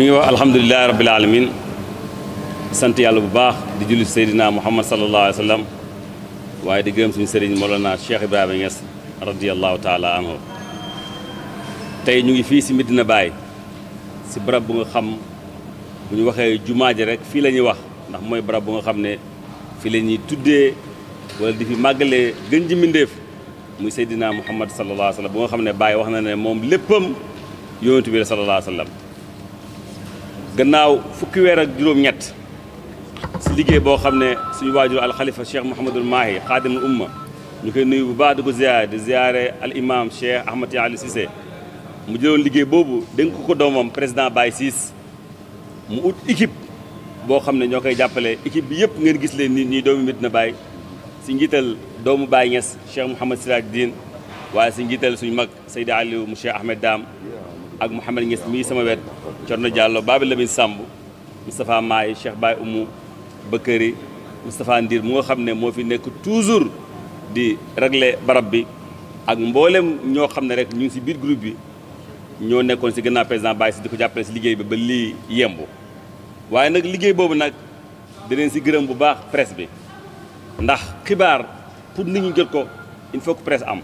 ñu ngi wax alhamdulilahi rabbil alamin sant yàlla bu baax di julli seydina muhammad sallallahu alayhi wa sallam waaye di gërëm suñu sëriñ Mawlana Cheikh Ibrahima Niass radiyallahu taala anhu tey ñu ngi fii si Medina Baye si barab bu nga xam bu ñu waxee jumaa ji rek fii la ñuy wax ndax mooy barab bu nga xam ne fii la ñuy tuddee wala di fi màggalee gën ji mbindéef muy seydina muhammad sallallahu alayhi wa sallam bu nga xam ne Baye wax na ne moom léppam yonent bi sallallahu alayhi wa sallam gannaaw fukki weer ak juróom-ñett si liggéey boo xam ne si waajur alxalifa cheikh Mouhamadul Mahi xaadimul umma ñu koy nuy bu baax di ko ziare di ziare al imam cheikh Ahmad Ali Cissé mu jëloon liggéey boobu dénk ko doomam président Baye Ciss mu ut équipe boo xam ne ñoo koy jàppale équipe bi yëpp ngeen gis leen nit ñi doomu na Baye si njiital doomu Baye Niass cheikh Mouhamad Siraj Diin waaye si njiital suñu mag Seydi Aliou mu cheikh Ahmed Dam sama wet Thierno Diallo Babi bi Samb Moustapha Maye Cheikh Baye Oumou Bakary Moustapha Ndir mu nga xam ne moo fi nekk toujours di ragle barab bi ak mboolem ñoo xam ne rek ñu ngi si biir groupe bi ñoo nekkoon si gannaaw président Baye si di ko jàppale si liggéey bi ba lii yemb waaye nag liggéey boobu nag dinañ si gërëm bu baax presse bi ndax xibaar pour nit ñi jot ko il faut que am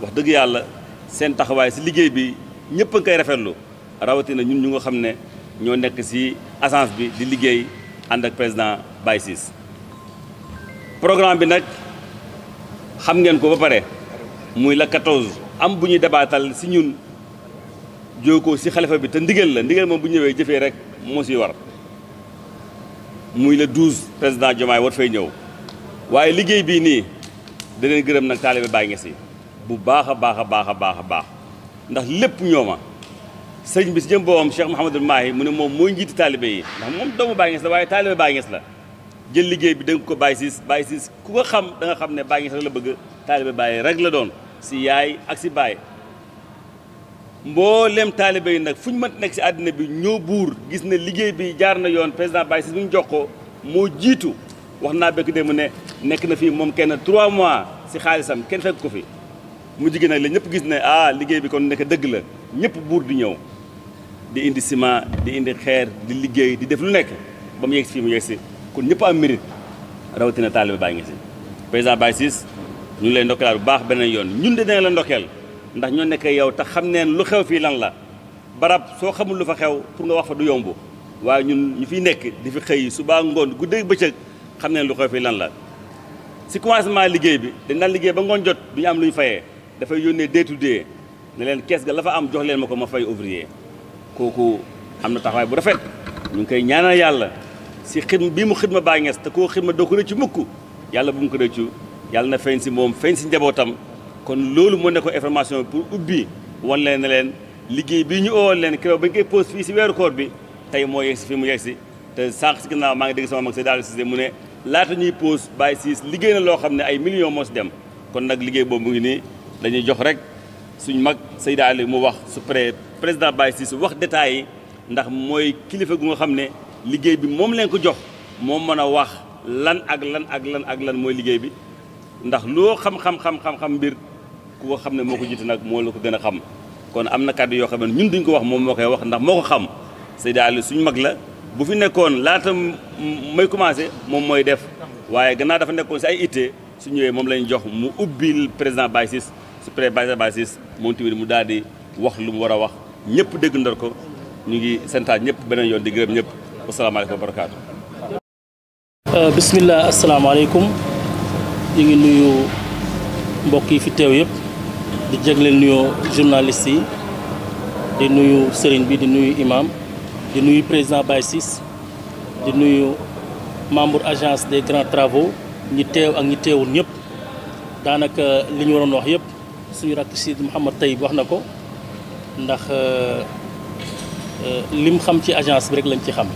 wax dëgg yàlla seen taxawaay si liggéey bi ñëpp a ngi koy rafetlu. rawatina ñun ñu nga xam ne ñoo nekk ci agence bi di liggéey ànd ak président Baye programme bi nag xam ngeen ko ba pare muy la 14 am bu ñuy dabaatal si ñun jookoo si xalifa bi te ndigal la ndigal moom bu ñëwee jëfee rek moo ciy war muy le 12 président Diomaye war fay ñëw waaye liggéey bii nii da leen gërëm nag taalibe baay ngi ci bu baax a baax a baax a baax a baax ndax lépp ñooma sëñ bi si jëm boobam Cheikh Mouhamadul Mahi mu ne moom mooy njiiti taalibe yi ndax moom doomu Baay Ñas la la jël liggéey bi dënk ko Baay Siis Baay Siis ku ko xam da nga xam ne Baay Ñas rek la bëgg taalibe Baay rek la doon si yaay ak si baay mboolem taalibe yi nag fu ñu mënti nekk si àddina bi ñoo buur gis ne liggéey bi jaar na yoon président Baye Ciss bu ñu jox ko moo jiitu wax naa bekk mu ne nekk na fii moom kenn 3 mois si xaalisam kenn fekk ko fi mu jigéen nag la ñëpp gis ne ah liggéey bi kon nekk dëgg la ñëpp buur di ñëw. di indi ciment di indi xeer di liggéey di def lu nekk ba mu yegg si fii mu yegg si kon ñëpp am mérite rawatina taalibe ngi Niass président Baye Ciss ñu lay ndokkeel bu baax beneen yoon ñun de dinañ la ndokkeel ndax ñoo nekk yow te xam neen lu xew fii lan la barab soo xamul lu fa xew pour nga wax fa du yomb waaye ñun ñu fi nekk di fi xëy suba ngoon guddeeg bëccëg xam neen lu xew fii lan la. si commencement liggéey bi dañ daan liggéey ba ngoon jot du ñu am lu ñu fayee dafay yónnee day to day ne leen kees ga la fa am jox leen ma ko ma fay ouvrier. kooku am na taxawaay bu rafet ñu ngi koy ñaanal yàlla si xidma bii mu xidma Baay ngees te koo xidma doo ko rëccu mukk yàlla bu mu ko rëccu yàlla na feeñ si moom feeñ si njabootam kon loolu moo nekkoon information bi pour ubbi wan leen ne leen liggéey bii ñu oowoon leen kilo ba ñu koy pose fii si weeru koor bi tey moo yegg si fi mu yegg te sànq si ginnaaw maa ngi dégg sama mag sa daal si mu ne laata ñuy pose Baay Siis liggéey na loo xam ne ay million moo si dem kon nag liggéey boobu mu dañuy jox rek suñ mag Seydi Ali wax su paree président Baye Cissé wax détails yi ndax mooy kilifa gu nga xam ne liggéey bi moom leen ko jox moom mën a wax lan ak lan ak lan ak lan mooy liggéey bi ndax loo xam-xam xam-xam mbir ku ko xam ne moo ko jiite nag moo la ko gën a xam kon am na kàddu yoo xam ne ñun duñ ko wax moom moo koy wax ndax moo ko xam Seydou Aliou suñu mag la bu fi nekkoon laata may commencé moom mooy def waaye gannaaw dafa nekkoon si ay ittee su ñëwee moom lañ jox mu ubbi président Baye su pré Baye moom tamit mu daal di wax lu mu war a wax ñëpp dégg ndar ko ñu ngi santaat ñëpp beneen yoon di gërëm ñëpp wasalaamaaleykum wa barakaatu. Euh, bisimilah asalaamaaleykum ñu ngi nuyu mbokk yi fi teew yëpp di jégleen nuyoo journaliste yi di nuyu sëriñ bi di nuyu imam di nuyu président Baye Ciss di nuyu membre agence des grands travaux ñi teew ak ñi teewul ñëpp daanaka li ñu waroon wax yëpp suñu rakk si Mouhamad Taïb wax na ko. ndax euh, euh, lim xam ci agence bi rek lañ ci xam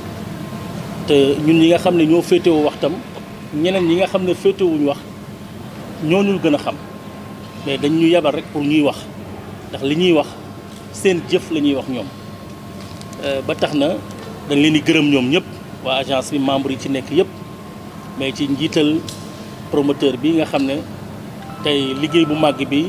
te ñun ñi nga xam ne ñoo féetewu wax tam ñeneen ñi nga xam ne féetewuñu wax ñooñu gën a xam mais dañ ñu yabal rek pour ñuy wax ndax li ñuy wax seen jëf la ñuy wax ñoom euh, ba tax na dañ leen di gërëm ñoom ñëpp waa agence bi membre yi ci nekk yëpp mais ci njiital promoteur bi nga xam ne tey liggéey bu màgg bi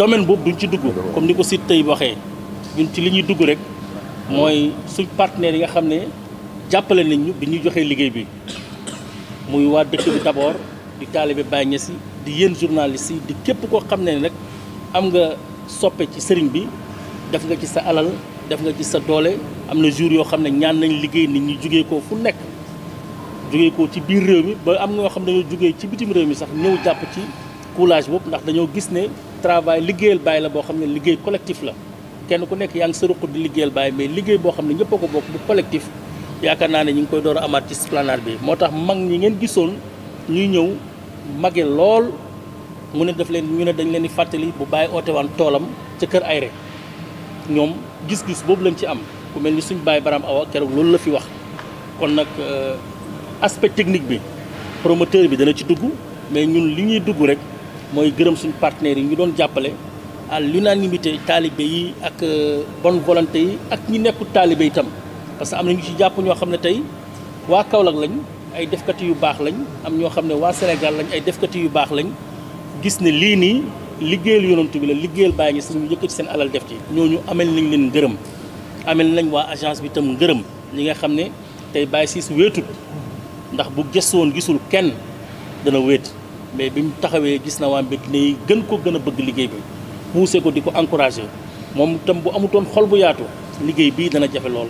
domaine boobu duñ ci dugg comme ni ko site tey waxee ñun ci li ñuy dugg rek mooy suñ partenaires yi nga xam ne jàppale nañ ñu bi ñuy joxee liggéey bi muy waa dëkk bi d'abord di taalibe Baay Ñas di yéen journalistes yi di képp koo xam ne nag am nga soppe ci sëriñ bi def nga ci sa alal def nga ci sa doole am na jour yoo xam ne ñaan nañ liggéey nit ñuy jugee ko fu nekk jugee ko ci biir réew mi ba am yoo xam ne dañoo jugee ci bitim réew mi sax ñëw jàpp ci coulage boobu ndax dañoo gis ne travail liggéeyal Baye la boo xam ne liggéey collectif la kenn ku nekk yaa ngi sa ruq di liggéeyal Baye mais liggéey boo xam ne ñëpp ko bokk bu collectif yaakaar naa ne ñu ngi koy door a amaat ci esplanade bi moo tax mag ñi ngeen gisoon ñuy ñëw mage lool mu ne daf leen ñu ne dañ leen di fàttali bu Baye oote waan toolam ca kër Ayre ñoom gis-gis boobu lañ ci am ku mel ni suñ Baye Baram Awa keroog loolu la fi wax kon nag euh, aspect technique bi promoteur bi dana ci dugg mais ñun li ñuy dugg rek mooy gërëm suñu partenaires yi ñu doon jàppale lu naan à l'unanimité taalibe yi ak euh, bonne volonté yi ak ñi nekkul taalibe itam parce que am na ñu ci jàpp ñoo xam ne tey waa Kaolack lañ ay defkati yu baax lañ am ñoo xam ne waa Sénégal lañ ay defkati yu baax lañ gis ne lii nii liggéeyal yonantu bi la liggéeyal bàyyi ngi si ñu yëkkati seen alal def ci ñooñu amel nañ leen ngërëm amel nañ waa agence bi itam ngërëm li nga xam ne tey bàyyi siis wéetut ndax bu gëstoon gisul kenn dana mais bi mu taxawee gis na waa Béthiaoui gën ko gën a bëgg liggéey bi poussé ko di ko encouragé moom itam bu amutoon xol bu yaatu liggéey bii dana jafe lool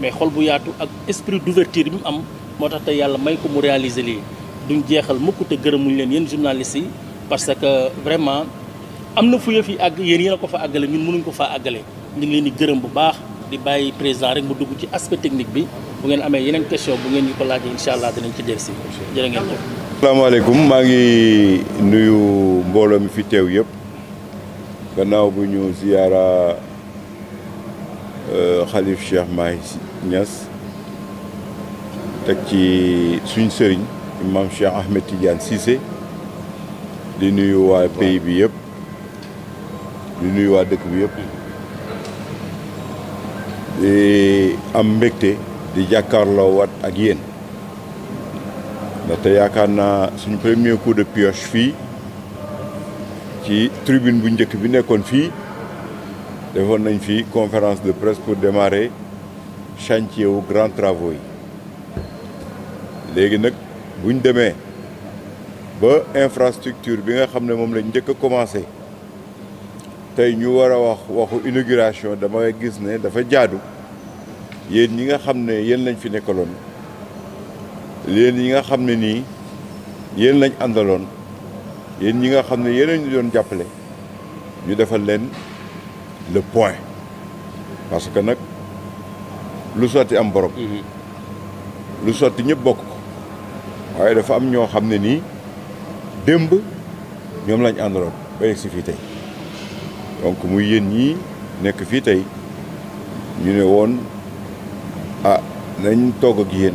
mais xol bu yaatu ak esprit duvertir bi mu am moo tax te yàlla may ko mu réaliser lii duñ jeexal mukk te gërëm gërëmuñ leen yéen journalistes yi parce que vraiment am na fu yëf yi àgg yéen yéen a ko fa àggale ñun mënuñ ko faa àggale ñu ngi leen gërëm bu baax di bàyyi président rek mu dugg ci aspect technique bi bu ngeen amee yeneen question bu ngeen ñu ko laajee incha allah dinañ ci dellusi jërë ngeen jëf asalaamaaleykum maa ngi nuyu mbooloo mi fi teew yëpp gannaaw bu ñu ziyaara euh, xalif Cheikh Mahi ñas teg ci suñ sëriñ imam Cheikh Ahmed Tidiane Cissé di nuyu waa pays bi yëpp di nuyu waa dëkk bi yëpp di am mbégte di jàkkaarloo wat ak yéen ndaxte yaakaar suñu premier coup de pioche fi ci tribune bu njëkk bi nekkoon fi defoon nañ conférence de presse pour démarrer chantier au grand travaux légui nak nag buñ demee ba infrastructure bi nga xamné mom moom lañ njëkk a ñu wara wax waxu inauguration dama gis né dafa jaadu yeen ñi nga xamné yeen lañ fi nekkalon yéen yi nga xam ne nii yéen lañ àndaloon yéen ñi nga xam ne yéen ñu doon jàppale ñu defal leen le point parce que nag lu sotti am borom. Mhm. lu sotti ñëpp bokk ko waaye dafa am ñoo xam ne nii démb ñoom lañ àndaloon ba yegg si fii tey donc muy yéen ñii nekk fii tey ñu ne woon ah nañ toog ak yéen.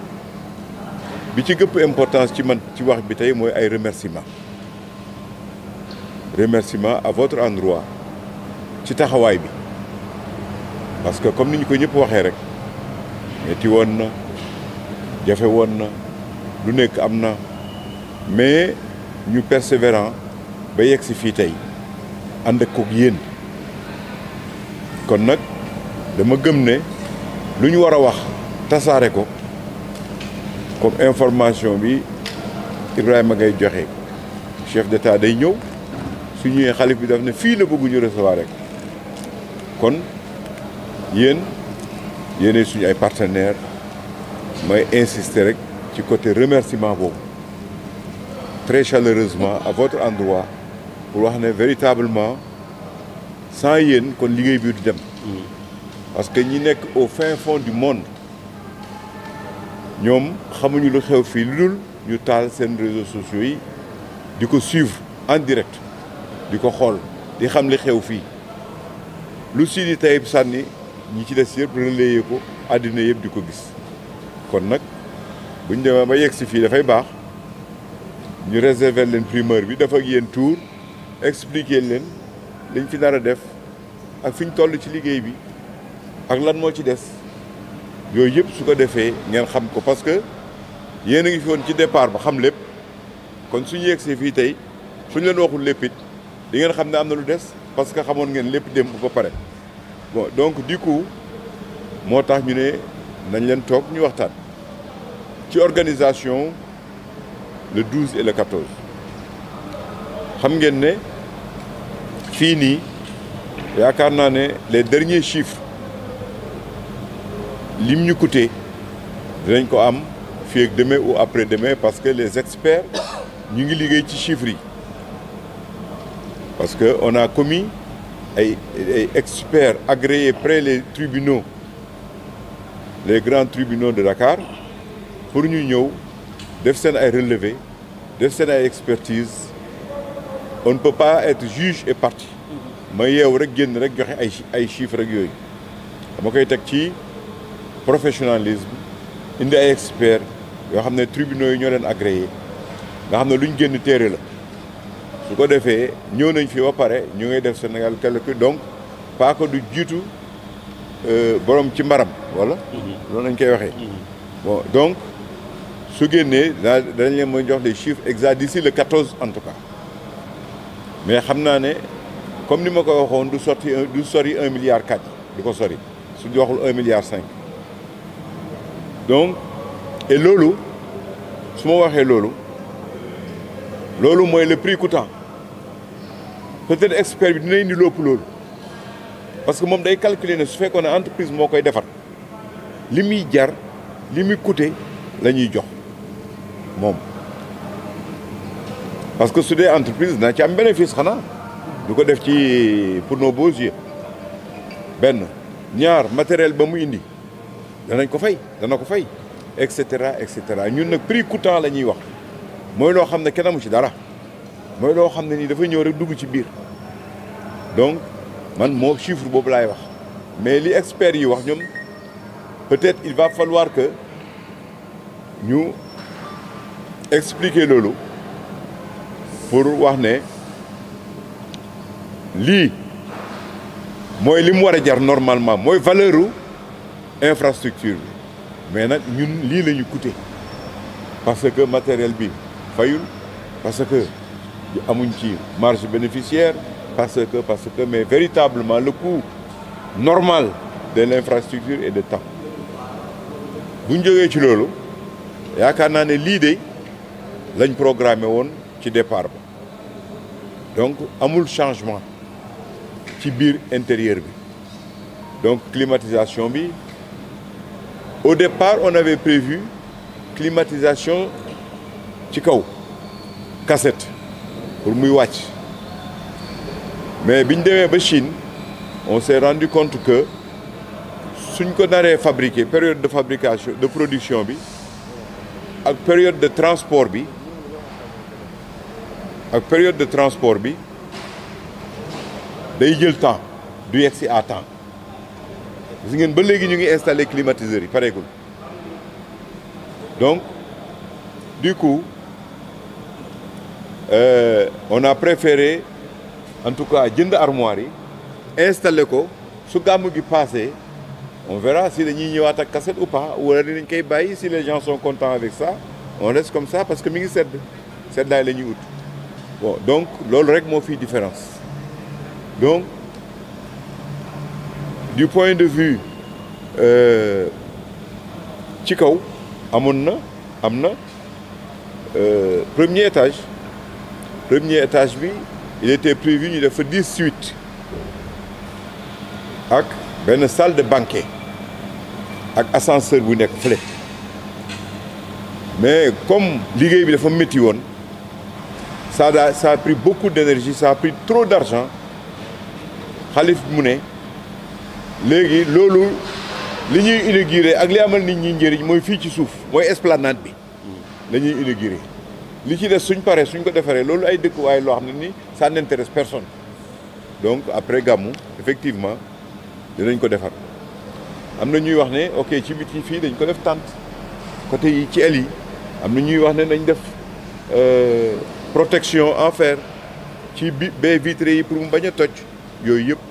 Ce qui est important pour moi, c'est un remerciement. Remerciement à votre endroit. C'est à Hawaï. Parce que comme nous ne pouvons pas faire, nous avons fait, nous avons fait, mais nous persévérons, nous avons fait, nous avons fait. Donc, je me suis dit, nous avons fait, nous avons fait, comme information bi Ibrahima ngay joxe chef d'état day ñew su ñëwee xalif bi daf ne fi la bëggu ñu recevoir rek kon yeen yéenay suñu ay partenaires may insister rek ci côté remerciement vous très chaleureusement à votre endroit pour wax né véritablement sans yeen kon liggéey bi du dem mm. parce que ñi nekk au fin fond du monde ñom xamuñu lu xew fi lu dul ñu taal sen réseaux sociaux yi di suivre en direct diko xol di xam li xew fi lu Sidi Taïb sànni ñi ci dess yëpp relayer ko àddina yëpp diko ko gis kon nak buñ demee ba yegg fi da fay bax ñu réserver leen primeur bi dafa ak yeen tour expliquer leen liñ fi nar def ak fiñ ñu ci liggéey bi ak lan mo ci dess yoyep yëpp su ko ngeen xam ko parce que yéen a ngi fi woon ci départ ba xam lépp kon suñu yexé fi tay suñ leen waxul lépp it di ngeen xam né amna lu dess parce que xamone ngeen lépp démb ba paré bon donc du coup motax ñu né nañ leen toog ñu waxtaan ci organisation le 12 et le 14 xam ngeen né fii nii yaakaar les derniers chiffres lim ñu coûté dinañ ko am fii demain ou après demain parce que les experts nous ngi des ci chiffres parce que on a commis des experts agréés près les tribunaux les grands tribunaux de Dakar pour nous ñëw def seen ay relevé def seen expertise on ne peut pas être juge et partie mm-hmm. ma il rek génn rek chiffres Je yooyu dama koy professionnalisme, indi ay experts yo xamné tribunaux agréés. Nous avons nga xamné luñu génn téré la su ko défé ñoo nañ fi ba paré ñu def Sénégal donc pa ko du tout. euh borom ci mm-hmm. wala mm-hmm. bon donc su génné dañ jox des chiffres d'ici le 14 en tout cas mais xamna né comme nous avons sorti 1 milliard 4 diko sorti su 1 milliard 5 donc et Lolo, si je Lolo. le prix coûtant peut-être expert bi dina indi Lolo. parce que je day calculer ne su a entreprise moo koy defar jar limi coûter lañuy parce que c'est entreprise na ci am bénéfice xana du pour nos beaux yeux matériel danañ ko fay dana ko fay et cetera et cetera ñun nak prix coûtant lañuy wax moy loo xam ne kenn amu ci dara moy loo xam ni dafa ñëw rek dugg ci biir donc man mo chiffre bobu lay wax mais li expert yi wax ñom peut-être il va falloir que ñu expliquer lolu pour wax né li moy lim wara jar normalement moy valeur infrastructure mais nous ñun li parce que matériel bi fayul parce que amuñ marge bénéficiaire parce que parce que mais véritablement le coût normal de l'infrastructure et de temps buñ joggé ci lolu yaakaar naa l'idée dé de lañ programmé woon ci départ donc amul changement ci biir intérieur bi donc climatisation bi Au départ, on avait prévu climatisation ci kaw cassette pour muy wàcc mais bi ñu demee ba Chine on s'est rendu compte que suñ ko naree fabriquer période de fabrication de production bi ak période de transport bi ak période de transport bi day jël temps du si à temps gis ngeen ba léegi ñu ngi installé climatiseurs yi pareegul donc du coup euh, on a préféré en tout cas jënd armoire yi installé ko su gàmm gi passé on verra si dañuy ñëwaat ak cassette ou pas wala dinañ koy bàyyi si les gens sont contents avec ça on reste comme ça parce que mi ngi sedd seddaay la bon donc loolu rek moo fi différence donc du point de vue Euh... Chikaou... Amonna, Amna... Euh... premier étage premier étage il était prévu de faire 18 avec une salle de banquet un ascenseur bu mais comme il a fait un ça a pris beaucoup d'énergie ça a pris trop d'argent Khalif mouné léegi loolu li ñuy inauguré ak li amal nit ñi njëriñ mooy fii ci suuf mooy esplanade bi la ñuy li ci des suñ paree suñ ko defaree loolu ay dëkkuwaay loo xam ne ni ça n'intéresse personne donc après gàmmu effectivement dinañ ko defar am na ñuy wax ne ok ci biti fii dañ ko def tente côté yi ci el yi am na ñuy wax ne nañ def euh, protection en fer ci bi baie vitrée yi pour mu bañ a toj yooyu yëpp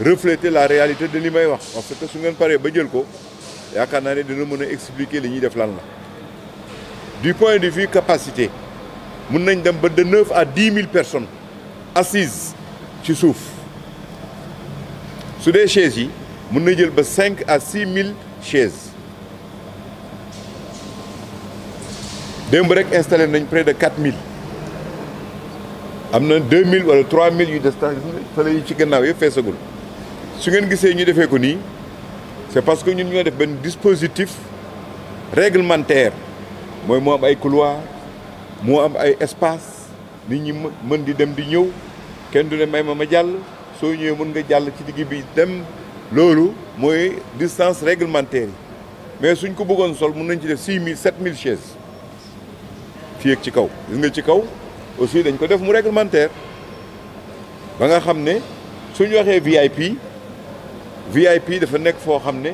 refléter la réalité de ce En fait, si vous parlez de ce que je veux dire, expliquer ce que de avez Du point de vue capacité, nous avons de 9 à 10 000 personnes assises sur le souffle. Sur des chaises, nous avons 5 à 6 000 chaises. Nous avons installé près de 4 000. am na 2000 wala 3000 yu des tax fële yi ci gannaaw yëpp feesagul su ngeen gisee ñu defee ko nii c'est parce que ñun ñoo def benn dispositif réglementaire mooy moo am ay couloir moo am ay espace nit ñi mën di dem di ñëw kenn du ne may ma ma jàll soo ñëwee mën nga jàll ci digg bi dem loolu mooy distance réglementaire yi mais suñ ko bëggoon sol mën nañ ci def 6000 7000 chaises fii ak ci kaw gis nga ci kaw. aussi dañ ko def mu réglementaire ba nga xam ne suñu waxee VIP VIP dafa nekk foo xam ne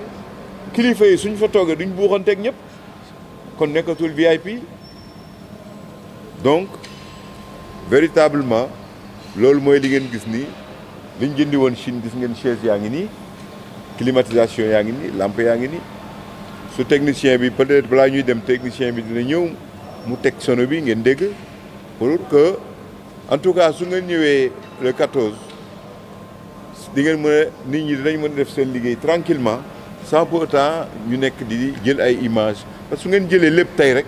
kilifa yi suñ fa toogee duñu duñ buuxanteeg ñëpp kon nekkatul VIP donc véritablement loolu mooy li ngeen gis nii liñ jëndi woon Chine gis ngeen chaise yaa ngi nii climatisation yaa ngi nii lampe yaa ngi nii su technicien bi peut-être balaa ñuy dem technicien bi dina ñëw mu teg sono bi ngeen dégg pour que en tout cas su ngeen ñëwee le 14 di ngeen mën a nit ñi dinañ mën a def seen liggéey tranquillement sans pour temps ñu nekk di jël ay image parce su ngeen jëlee lépp tey rek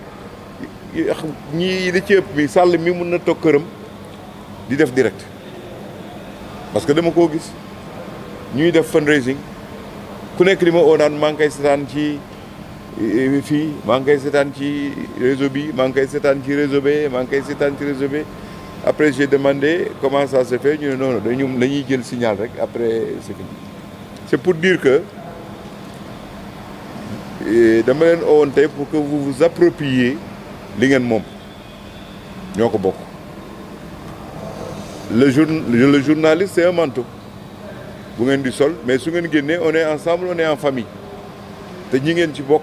ñi li ci ëpp mi sàll mi mën na toog këram di def direct parce que dama koo gis ñuy def fundraising ku nekk li ma oo naan maa ngi koy ci et fi ngi koy seetaan ci réseau bi maa ngi koy ci réseau bi maa ngi ci réseau bi après j'ai demandé comment ça se fait ñu non noonu dañu dañuy jël signal rek après c'est fini c'est pour dire que eh, dama len owoon tey pour que vous vous appropriez li ngeen mom ñoko bok le jour le journaliste c'est un manteau bu ngeen di sol mais su ngeen génnee on est ensemble on est en famille té ñi ngeen ci bok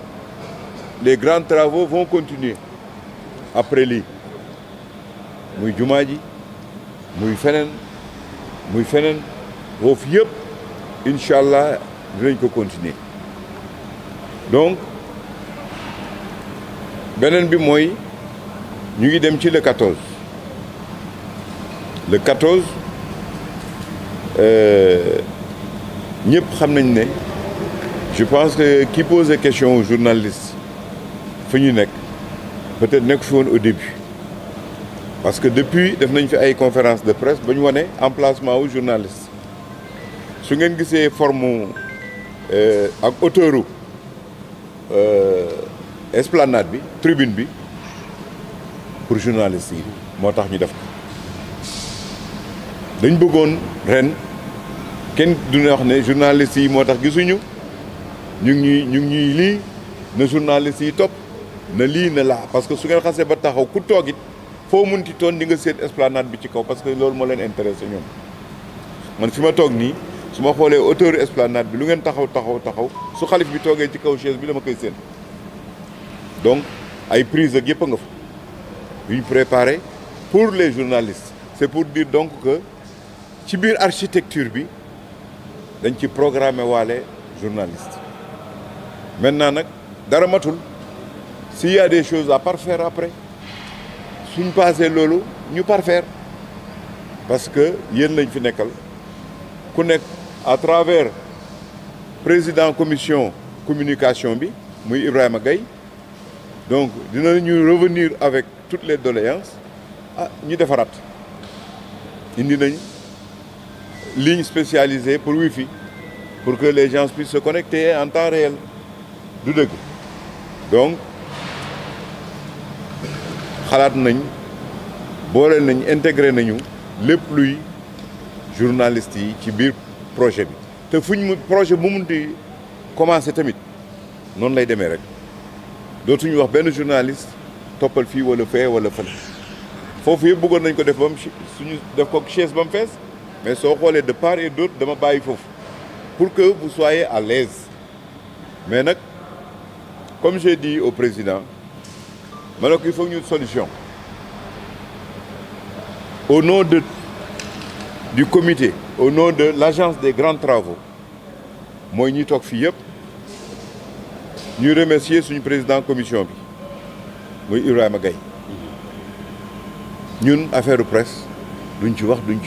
les grands travaux vont continuer après lui Moui jumaa Moui Fenen y Fenen feneen foofu continuer donc Benen bi nous ñu le 14 le 14 euh, xam nañ je pense que qui pose des questions aux journalistes Fini peut-être nek fi au début parce que depuis def nañ fi ay conférence de presse bañ woné emplacement aux journaliste su ngeen gisee forme euh, ak euh esplanade bi tribune bi pour journalistes yi moo ñu def ko dañ bëggoon ren ken du wax né journaliste yi moo tax gisuñu ñu ngi ñu ñuy na journaliste top ne li ne la parce que su ngeen xasee ba taxaw ku toog it foo munti toon di nga seet esplanade bi ci kaw parce que loolu moo leen intéressé ñoom man fi ma toog nii su ma xoolee hauteur esplanade bi lu ngeen taxaw taxaw taxaw su xalif bi toogee ci kaw chaise bi dama koy seen donc ay prise ak yëpp nga fa yuñ préparé pour les journalistes c'est pour dire donc que ci biir architecture bi dañ ci programmer waale journaliste maintenant nag dara matul s'il y a des choses à parfaire après si nous pas nous nous parfaire parce que y y fi nekkal ku à travers président commission communication Ibrahim muy Ibrahima Gaye donc nous revenir avec toutes les doléances à ah, ñu y indi ligne spécialisée pour Wi-Fi pour que les gens puissent se connecter en temps réel donc xalaat nañ boole nañ intégré nañu lépp luy journaliste yi ci biir projet bi te fuñ projet bu mun di commencé tamit noonu lay demee rek dootuñu wax benn journaliste toppal fii wala fee wala fële foofu yëpp bëggoon nañ ko def bam suñu def ko chaise ba mu fees mais soo xoolee de part et d'autre dama bàyyi foofu pour que vous soyez à l'aise mais nag comme j'ai dit au président mais il faut une solution au nom de, du comité au nom de l'agence des grands travaux président ñi nous remercions remercions remercier président commission bi muy Nous, ñun presse duñ ci wax duñ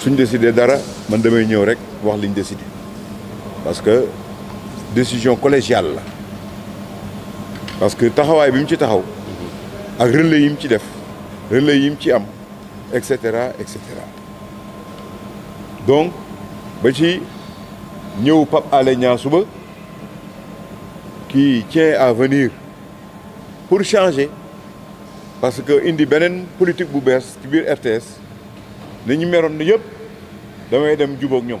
ci décider dara parce que décision collégiale parce que taxawaay bi mu ci taxaw ak relais yi ci def relais yi ci am etc etc donc ba ci ñëw Pape Alé Niang qui tient à venir pour changer parce que indi beneen politique bu bees ci biir RTS li ñu meroon na yëpp dem jubóog ñoom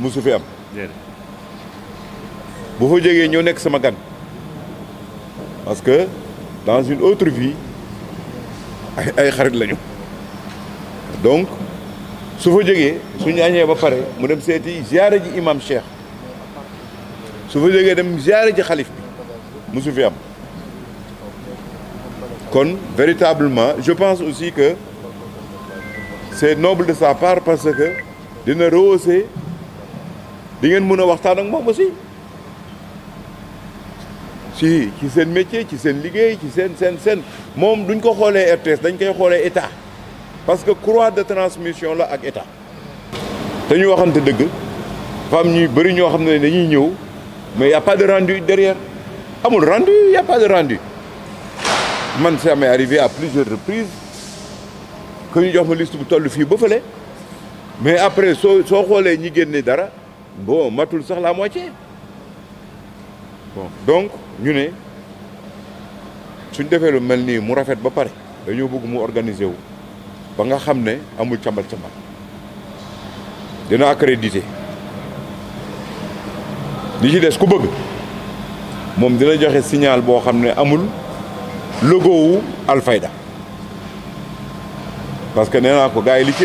musu fi am bu fa jógee ñëw nekk sama gan parce que dans une autre vie ay ay xarit lañu donc su fa jógee suñu añee ba pare mu dem seeti ziare ji imam Cheikh su fa jógee dem ziare ji xalif bi musu fi am kon véritablement je pense aussi que c'est noble de sa part parce que dina rehausser di ngeen mën a waxtaan ak moom aussi si ci seen métier ci seen liggéey ci seen seen seen moom duñ ko xoolee RTS dañ koy xoolee état parce que croix de transmission la ak état te ñu waxante dëgg fam ñuy bëri ñoo xam ne dañuy ñëw mais y a pas de rendu derrière amul rendu y de rendu man ça m'est arrivé à plusieurs reprises que ñu jox ma liste bu toll fii ba fële mais après soo soo xoolee ñi génne dara. bon je sax la moitié bon donc ñu ne suñ nous lu mel mu rafet ba fait nous bëgg mu organiser wu ba nga ne amul accrédité li des ku bëgg dina signal pour logo parce que n'a ko le li ci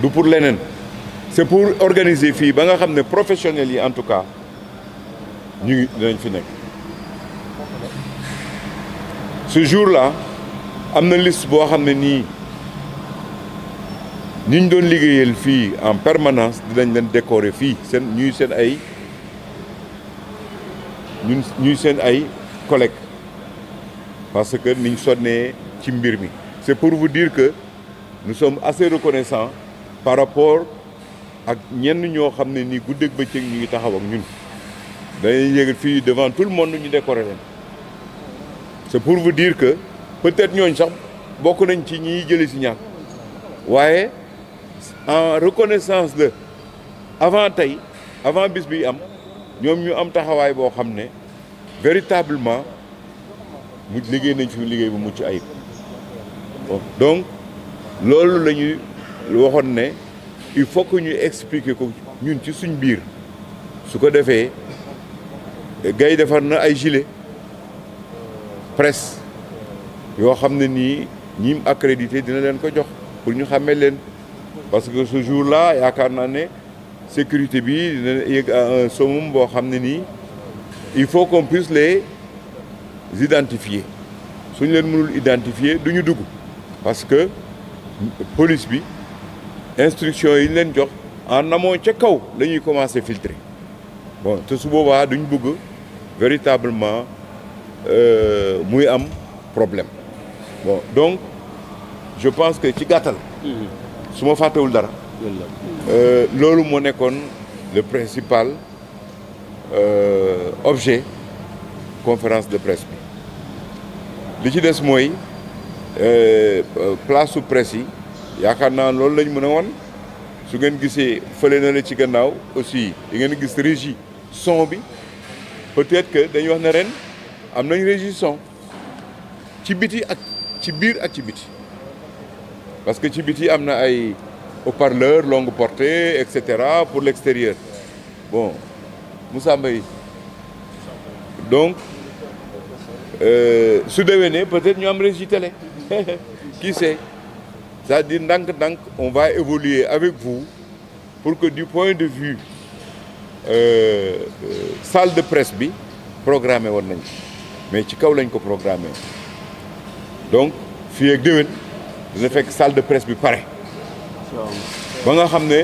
du pour lenen c'est pour organiser les ba nga professionnels en tout cas ñu ngi dinañ fi ce jour-là nous liste bo xamné ni ñu doon liggéeyal en permanence dinañ leen décorer fi sen ñuy sommes ay ñuy ay collègues parce que nous sommes ci mbir mi c'est pour vous dire que nous sommes assez reconnaissants par rapport à ñenn devant tout le monde c'est pour vous dire que peut-être nous sax bokku nañ ci en reconnaissance de avant tay avant bis bi am ñu am véritablement mu liggéey nañ nous... bu mucc ayib donc loolu lañuy lu waxoon il faut que ñu expliquer ko ñun ci suñ biir su ko defee gay defar na ay gilet presse yo xamné ni ñim accrédité dina leen ko jox pour ñu xamé leen parce que ce jour-là yaakaar naa ne sécurité bi dina yëg à un summum bo xamné ni il faut qu'on puisse les identifier suñ leen mënul identifier duñu dugg parce que police bi instruction yi ñu leen jox en amont ca kaw la ñuy commencer filtrer bon te su boobaa duñ bëgg véritablement ...euh... muy am problème bon donc je pense que ci gàttal. Mm-hmm. su ma fàttewul dara. Euh, loolu moo nekkoon le principal euh, objet conférence de presse bi li ci des mooy euh, euh, place su presse yakarna lolou lañ mën won su ngeen gisee feulé na la ci gannaaw aussi di ngeen giss régie son bi peut-être que dañ wax na ren am nañ régie son ci biti ak ci biir ak ci biti parce que ci biti am na ay haut-parleur longue portée et cetera pour l'extérieur bon Moussa Mbaye donc euh, su déwéné peut-être ñu am régie télé qui sait c'est-à-dire, on va évoluer avec vous pour que du point de vue euh, euh, salle de presse bi programmé woon mais ci kaw lañ ko programmé donc fii ak déwén dina fekk salle de presse bi pare ba nga xam ne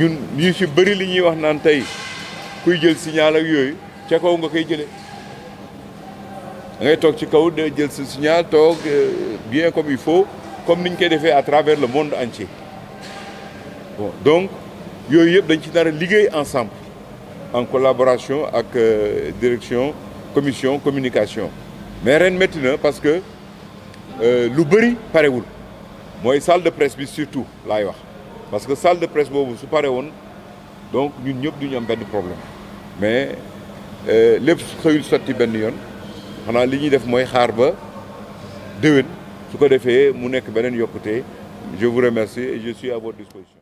ñun ñu ci bëri li ñuy wax naan tey kuy jël signal ak yooyu ca kaw nga koy jëlee ngay toog ci kaw de jël sa signal toog euh, bien comme il faut comme niñ koy fait à travers le monde entier bon donc nous yëpp dañ ensemble en collaboration avec euh, direction commission communication mais rien maintenant parce que euh, lu bëri ou. la salle de presse mais surtout là. parce que salle de presse vous su pare donc nous n'y pas pas problème mais les choses sont benn c'est xanaa li ñuy def de xaar je vous remercie et je suis à votre disposition